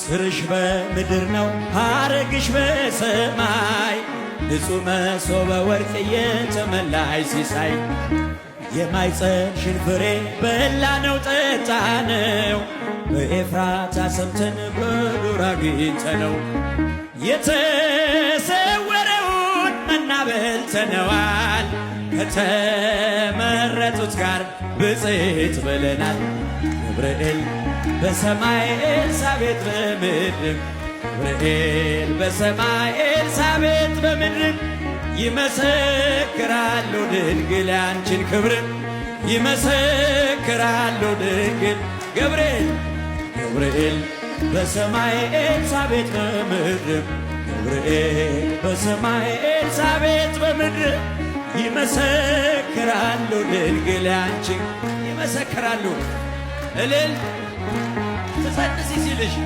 ስርሽ በምድር ነው ሐረግሽ በሰማይ ንጹሕ መሶበ ወርቅ የተመላሽ ሲሳይ የማኅፀንሽን ፍሬ በላነው ጠጣነው በኤፍራታ ሰምተን በዱር አግኝተነው የተሰወረውን መና በልተነዋል። ከተመረጡት ጋር ብጽሕት ብለናል። ገብርኤል በሰማይ ኤልሳቤጥ በምድር ገብርኤል በሰማይ ኤልሳቤጥ በምድር ይመሰክራሉ ድንግል ያንችን ክብር ይመሰክራሉ ድንግል ገብርኤል ገብርኤል በሰማይ ኤልሳቤጥ በምድር ገብርኤል በሰማይ ይመሰክራሉ ድንግል አንቺ ይመሰክራሉ እልል ትጸንሲ ሲልሽ